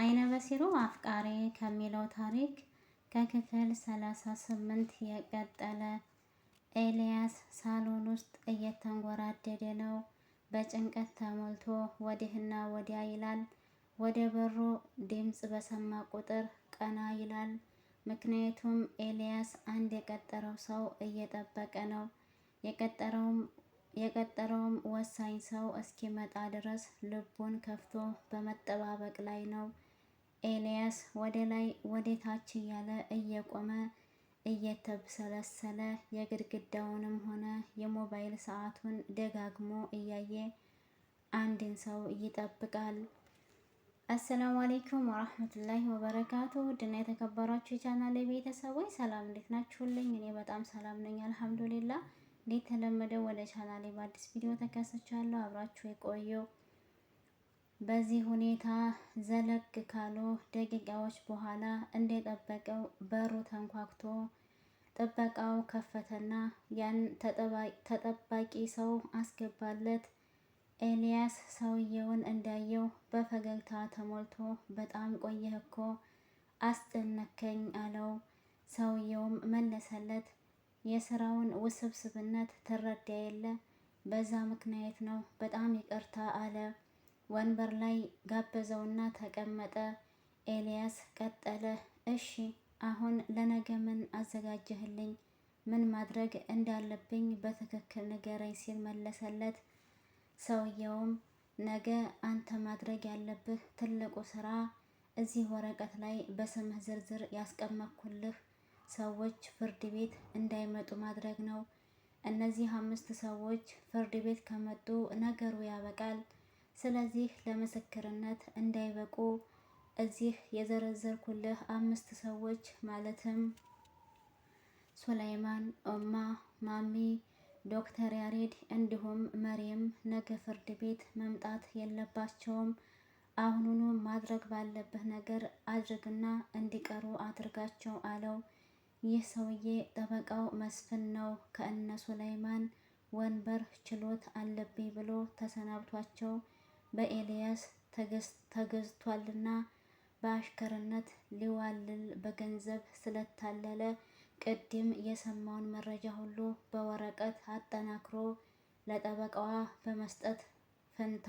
አይነ በሲሩ አፍቃሪ ከሚለው ታሪክ ከክፍል ሰላሳ ስምንት የቀጠለ። ኤልያስ ሳሎን ውስጥ እየተንጎራደደ ነው። በጭንቀት ተሞልቶ ወዲህና ወዲያ ይላል። ወደ በሩ ድምፅ በሰማ ቁጥር ቀና ይላል። ምክንያቱም ኤልያስ አንድ የቀጠረው ሰው እየጠበቀ ነው። የቀጠረውም ወሳኝ ሰው እስኪመጣ ድረስ ልቡን ከፍቶ በመጠባበቅ ላይ ነው። ኤልያስ ወደ ላይ ወደ ታች እያለ እየቆመ እየተብሰለሰለ የግድግዳውንም ሆነ የሞባይል ሰዓቱን ደጋግሞ እያየ አንድን ሰው ይጠብቃል። አሰላሙ አሌይኩም ወራህመቱላሂ ወበረካቱ። ድና የተከበራችሁ የቻናል ቤተሰቦች ሰላም እንዴት ናችሁልኝ? እኔ በጣም ሰላም ነኝ አልሐምዱሊላ። ተለመደው ወደ ቻናሌ በአዲስ ቪዲዮ ተከስቻለሁ። አብራችሁ የቆየው በዚህ ሁኔታ ዘለግ ካሉ ደቂቃዎች በኋላ እንደጠበቀው በሩ ተንኳኩቶ ጥበቃው ከፈተና ያን ተጠባቂ ሰው አስገባለት። ኤልያስ ሰውየውን እንዳየው በፈገግታ ተሞልቶ በጣም ቆየህ እኮ አስጨነከኝ አለው። ሰውየውም መለሰለት፣ የስራውን ውስብስብነት ትረዳ የለ በዛ ምክንያት ነው፣ በጣም ይቅርታ አለ። ወንበር ላይ ጋበዘውና ተቀመጠ። ኤልያስ ቀጠለ፣ እሺ አሁን ለነገ ምን አዘጋጀህልኝ? ምን ማድረግ እንዳለብኝ በትክክል ንገረኝ ሲል መለሰለት። ሰውየውም ነገ አንተ ማድረግ ያለብህ ትልቁ ስራ እዚህ ወረቀት ላይ በስምህ ዝርዝር ያስቀመጥኩልህ ሰዎች ፍርድ ቤት እንዳይመጡ ማድረግ ነው። እነዚህ አምስት ሰዎች ፍርድ ቤት ከመጡ ነገሩ ያበቃል። ስለዚህ ለምስክርነት እንዳይበቁ እዚህ የዘረዘርኩልህ አምስት ሰዎች ማለትም ሱላይማን፣ ኦማ፣ ማሚ፣ ዶክተር ያሬድ እንዲሁም መሪም ነገ ፍርድ ቤት መምጣት የለባቸውም። አሁኑኑ ማድረግ ባለብህ ነገር አድርግና እንዲቀሩ አድርጋቸው አለው። ይህ ሰውዬ ጠበቃው መስፍን ነው። ከእነ ሱላይማን ወንበር ችሎት አለብኝ ብሎ ተሰናብቷቸው በኤልያስ ተገዝቷልና በአሽከርነት ሊዋልል በገንዘብ ስለታለለ ቅድም የሰማውን መረጃ ሁሉ በወረቀት አጠናክሮ ለጠበቃዋ በመስጠት ፈንታ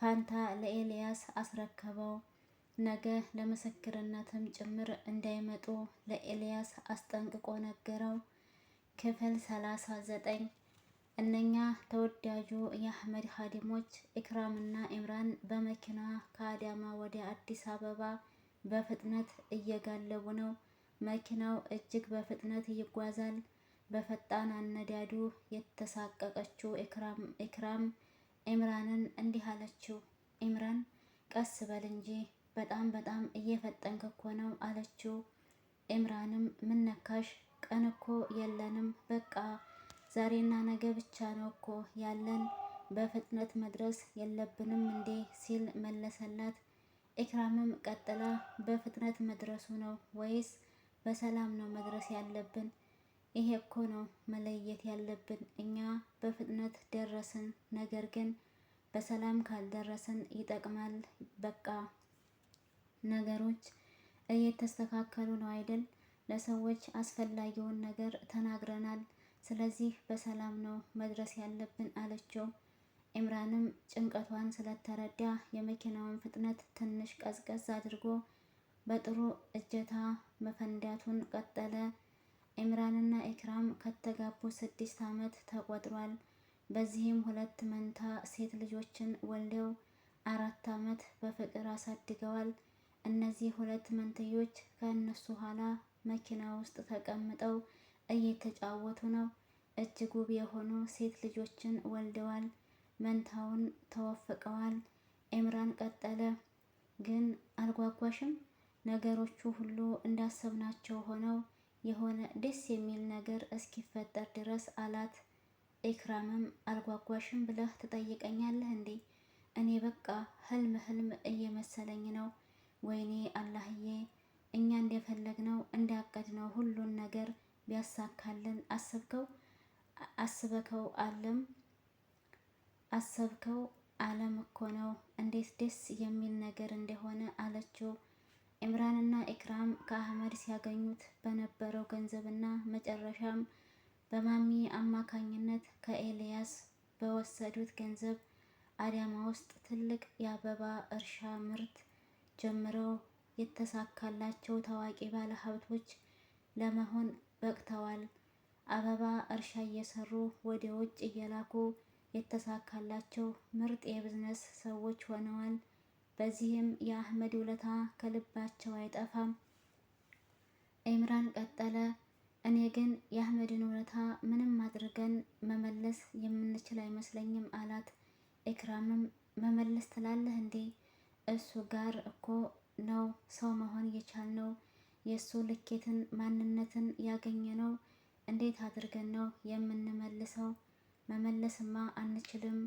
ፋንታ ለኤልያስ አስረከበው። ነገ ለምስክርነትም ጭምር እንዳይመጡ ለኤልያስ አስጠንቅቆ ነገረው። ክፍል ሰላሳ ዘጠኝ እነኛ ተወዳጁ የአህመድ ሀዲሞች ኢክራምና ኢምራን በመኪና ከአዳማ ወደ አዲስ አበባ በፍጥነት እየጋለቡ ነው። መኪናው እጅግ በፍጥነት ይጓዛል። በፈጣን አነዳዱ የተሳቀቀችው ኢክራም ኢምራንን እንዲህ አለችው። ኢምራን ቀስ በል እንጂ በጣም በጣም እየፈጠንክ እኮ ነው አለችው። ኢምራንም ምነካሽ ቀን እኮ የለንም በቃ ዛሬና ነገ ብቻ ነው እኮ ያለን በፍጥነት መድረስ የለብንም እንዴ ሲል መለሰላት። ኢክራምም ቀጥላ በፍጥነት መድረሱ ነው ወይስ በሰላም ነው መድረስ ያለብን? ይሄ እኮ ነው መለየት ያለብን። እኛ በፍጥነት ደረስን፣ ነገር ግን በሰላም ካልደረስን ይጠቅማል። በቃ ነገሮች እየተስተካከሉ ነው አይደል? ለሰዎች አስፈላጊውን ነገር ተናግረናል። ስለዚህ በሰላም ነው መድረስ ያለብን አለችው። ኢምራንም ጭንቀቷን ስለተረዳ የመኪናውን ፍጥነት ትንሽ ቀዝቀዝ አድርጎ በጥሩ እጀታ መፈንዳቱን ቀጠለ። ኢምራንና ኢክራም ከተጋቡ ስድስት ዓመት ተቆጥሯል። በዚህም ሁለት መንታ ሴት ልጆችን ወልደው አራት ዓመት በፍቅር አሳድገዋል። እነዚህ ሁለት መንትዮች ከእነሱ ኋላ መኪና ውስጥ ተቀምጠው እየተጫወቱ ነው። እጅግ ውብ የሆኑ ሴት ልጆችን ወልደዋል፣ መንታውን ተወፍቀዋል። ኤምራን ቀጠለ። ግን አልጓጓሽም? ነገሮቹ ሁሉ እንዳሰብናቸው ሆነው የሆነ ደስ የሚል ነገር እስኪፈጠር ድረስ አላት። ኤክራምም አልጓጓሽም ብለህ ትጠይቀኛለህ እንዴ? እኔ በቃ ህልም ህልም እየመሰለኝ ነው። ወይኔ አላህዬ፣ እኛ እንደፈለግነው እንዳቀድነው ሁሉን ነገር ቢያሳካልን አስብከው አስበከው አለም አሰብከው አለም እኮ ነው እንዴት ደስ የሚል ነገር እንደሆነ አለችው። ኢምራንና ኢክራም ከአህመድ ሲያገኙት በነበረው ገንዘብና መጨረሻም በማሚ አማካኝነት ከኤልያስ በወሰዱት ገንዘብ አዳማ ውስጥ ትልቅ የአበባ እርሻ ምርት ጀምረው የተሳካላቸው ታዋቂ ባለሀብቶች ለመሆን በቅተዋል። አበባ እርሻ እየሰሩ ወደ ውጭ እየላኩ የተሳካላቸው ምርጥ የቢዝነስ ሰዎች ሆነዋል። በዚህም የአህመድ ውለታ ከልባቸው አይጠፋም። ኢምራን ቀጠለ። እኔ ግን የአህመድን ውለታ ምንም አድርገን መመለስ የምንችል አይመስለኝም አላት። ኢክራምም መመለስ ትላለህ እንዴ? እሱ ጋር እኮ ነው ሰው መሆን የቻልነው የእሱ ልኬትን ማንነትን ያገኘ ነው። እንዴት አድርገን ነው የምንመልሰው? መመለስማ አንችልም።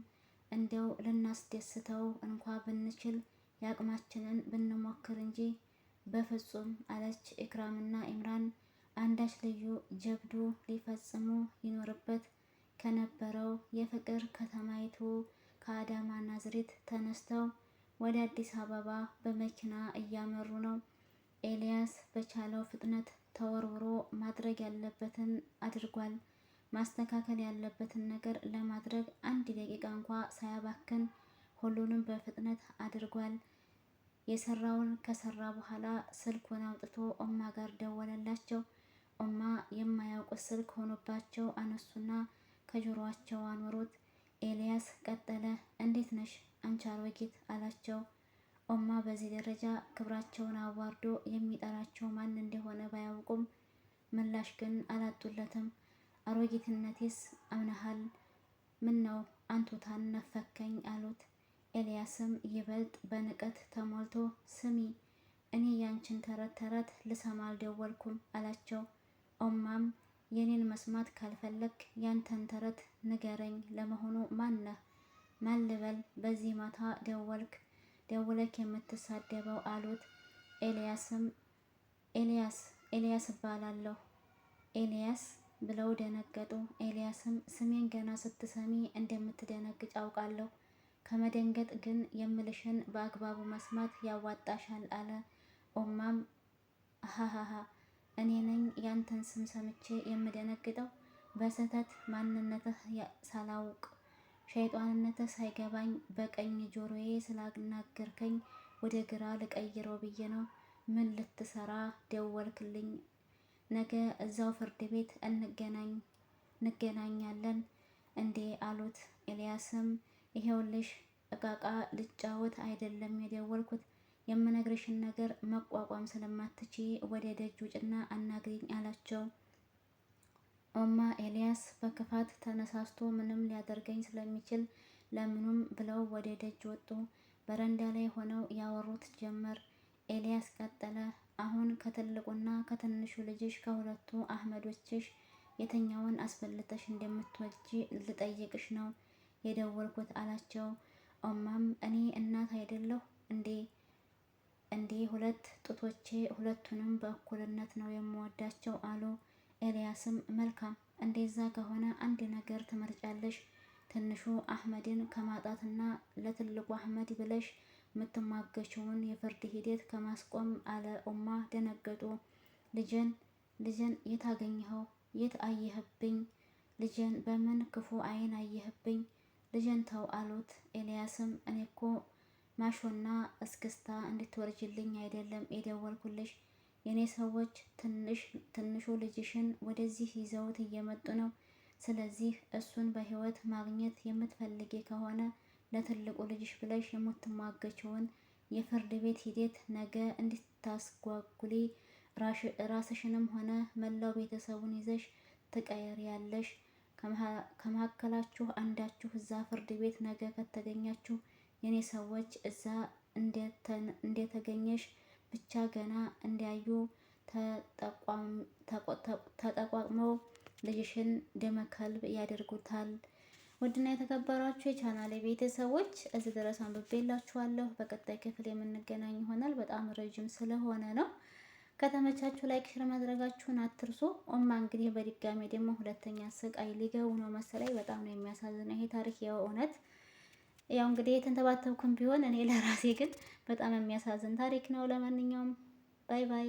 እንደው ልናስደስተው እንኳ ብንችል የአቅማችንን ብንሞክር እንጂ በፍጹም አለች ኢክራምና ኢምራን አንዳች ልዩ ጀብዱ ሊፈጽሙ ይኖርበት ከነበረው የፍቅር ከተማይቱ ከአዳማ ናዝሬት ተነስተው ወደ አዲስ አበባ በመኪና እያመሩ ነው። ኤልያስ በቻለው ፍጥነት ተወርውሮ ማድረግ ያለበትን አድርጓል። ማስተካከል ያለበትን ነገር ለማድረግ አንድ ደቂቃ እንኳ ሳያባክን ሁሉንም በፍጥነት አድርጓል። የሰራውን ከሰራ በኋላ ስልኩን አውጥቶ ኦማ ጋር ደወለላቸው። ኦማ የማያውቁት ስልክ ሆኖባቸው አነሱና ከጆሮአቸው አኖሩት። ኤልያስ ቀጠለ። እንዴት ነሽ አንቺ አሮጊት አላቸው። ኦማ በዚህ ደረጃ ክብራቸውን አዋርዶ የሚጠራቸው ማን እንደሆነ ባያውቁም ምላሽ ግን አላጡለትም። አሮጊትነቴስ አምነሃል፣ ምን ነው አንቱታን ነፈከኝ አሉት። ኤልያስም ይበልጥ በንቀት ተሞልቶ ስሚ እኔ ያንችን ተረት ተረት ልሰማ አልደወልኩም አላቸው። ኦማም የኔን መስማት ካልፈለግ ያንተን ተረት ንገረኝ፣ ለመሆኑ ነህ? ማን ልበል? በዚህ ማታ ደወልክ ደውለክ የምትሳደበው አሉት። ኤልያስም ኤልያስ ኤልያስ እባላለሁ ኤልያስ ብለው ደነገጡ። ኤልያስም ስሜን ገና ስትሰሚ እንደምትደነግጭ አውቃለሁ፣ ከመደንገጥ ግን የምልሽን በአግባቡ መስማት ያዋጣሻል አለ። ኦማም ሀሀሀ እኔ ነኝ ያንተን ስም ሰምቼ የምደነግጠው በስህተት ማንነትህ ሳላውቅ ሸይጣንነት ሳይገባኝ በቀኝ ጆሮዬ ስላናገርከኝ ወደ ግራ ልቀይረው ብዬ ነው። ምን ልትሰራ ደወልክልኝ? ነገ እዛው ፍርድ ቤት እንገናኛለን እንዴ አሉት። ኤልያስም ይሄውልሽ እቃቃ ልጫወት አይደለም የደወልኩት የምነግርሽን ነገር መቋቋም ስለማትችይ ወደ ደጅ ውጭና አናግሪኝ አላቸው። ኦማ ኤልያስ በክፋት ተነሳስቶ ምንም ሊያደርገኝ ስለሚችል ለምኑም ብለው ወደ ደጅ ወጡ። በረንዳ ላይ ሆነው ያወሩት ጀመር። ኤልያስ ቀጠለ። አሁን ከትልቁና ከትንሹ ልጅሽ ከሁለቱ አህመዶችሽ የተኛውን አስፈልጠሽ እንደምትወጂ ልጠይቅሽ ነው የደወልኩት አላቸው። ኦማም እኔ እናት አይደለሁ እንዴ? እንዴ ሁለት ጡቶቼ ሁለቱንም በእኩልነት ነው የምወዳቸው አሉ። ኤልያስም መልካም፣ እንደዛ ከሆነ አንድ ነገር ትመርጫለሽ። ትንሹ አህመድን ከማጣትና ለትልቁ አህመድ ብለሽ የምትማገችውን የፍርድ ሂደት ከማስቆም አለ። ኡማ ደነገጡ። ልጅን ልጅን የት አገኘኸው? የት አየህብኝ? ልጅን በምን ክፉ አይን አየህብኝ? ልጅን ተው አሉት። ኤልያስም እኔኮ ማሾና እስክስታ እንድትወርጅልኝ አይደለም የደወልኩልሽ የኔ ሰዎች ትንሹ ልጅሽን ወደዚህ ይዘውት እየመጡ ነው። ስለዚህ እሱን በህይወት ማግኘት የምትፈልጊ ከሆነ ለትልቁ ልጅሽ ብለሽ የምትሟገችውን የፍርድ ቤት ሂደት ነገ እንድታስጓጉሊ ራስሽንም ሆነ መላው ቤተሰቡን ይዘሽ ያለሽ። ከመካከላችሁ አንዳችሁ እዛ ፍርድ ቤት ነገ ከተገኛችሁ የኔ ሰዎች እዛ እንደተገኘሽ ብቻ ገና እንዲያዩ ተጠቋቅመው ልጅሽን ደመከልብ ያደርጉታል። ውድና የተከበሯችሁ የቻናሌ ቤተሰቦች እዚህ ድረስ አንብቤላችኋለሁ። በቀጣይ ክፍል የምንገናኝ ይሆናል። በጣም ረጅም ስለሆነ ነው። ከተመቻችሁ ላይክ፣ ሽር ማድረጋችሁን አትርሱ። ኦማ እንግዲህ በድጋሚ ደግሞ ሁለተኛ ስቃይ ሊገቡ ነው መሰለኝ። በጣም ነው የሚያሳዝነው ይሄ ታሪክ የእውነት ያው እንግዲህ የተንተባተብኩም ቢሆን እኔ ለራሴ ግን በጣም የሚያሳዝን ታሪክ ነው። ለማንኛውም ባይ ባይ።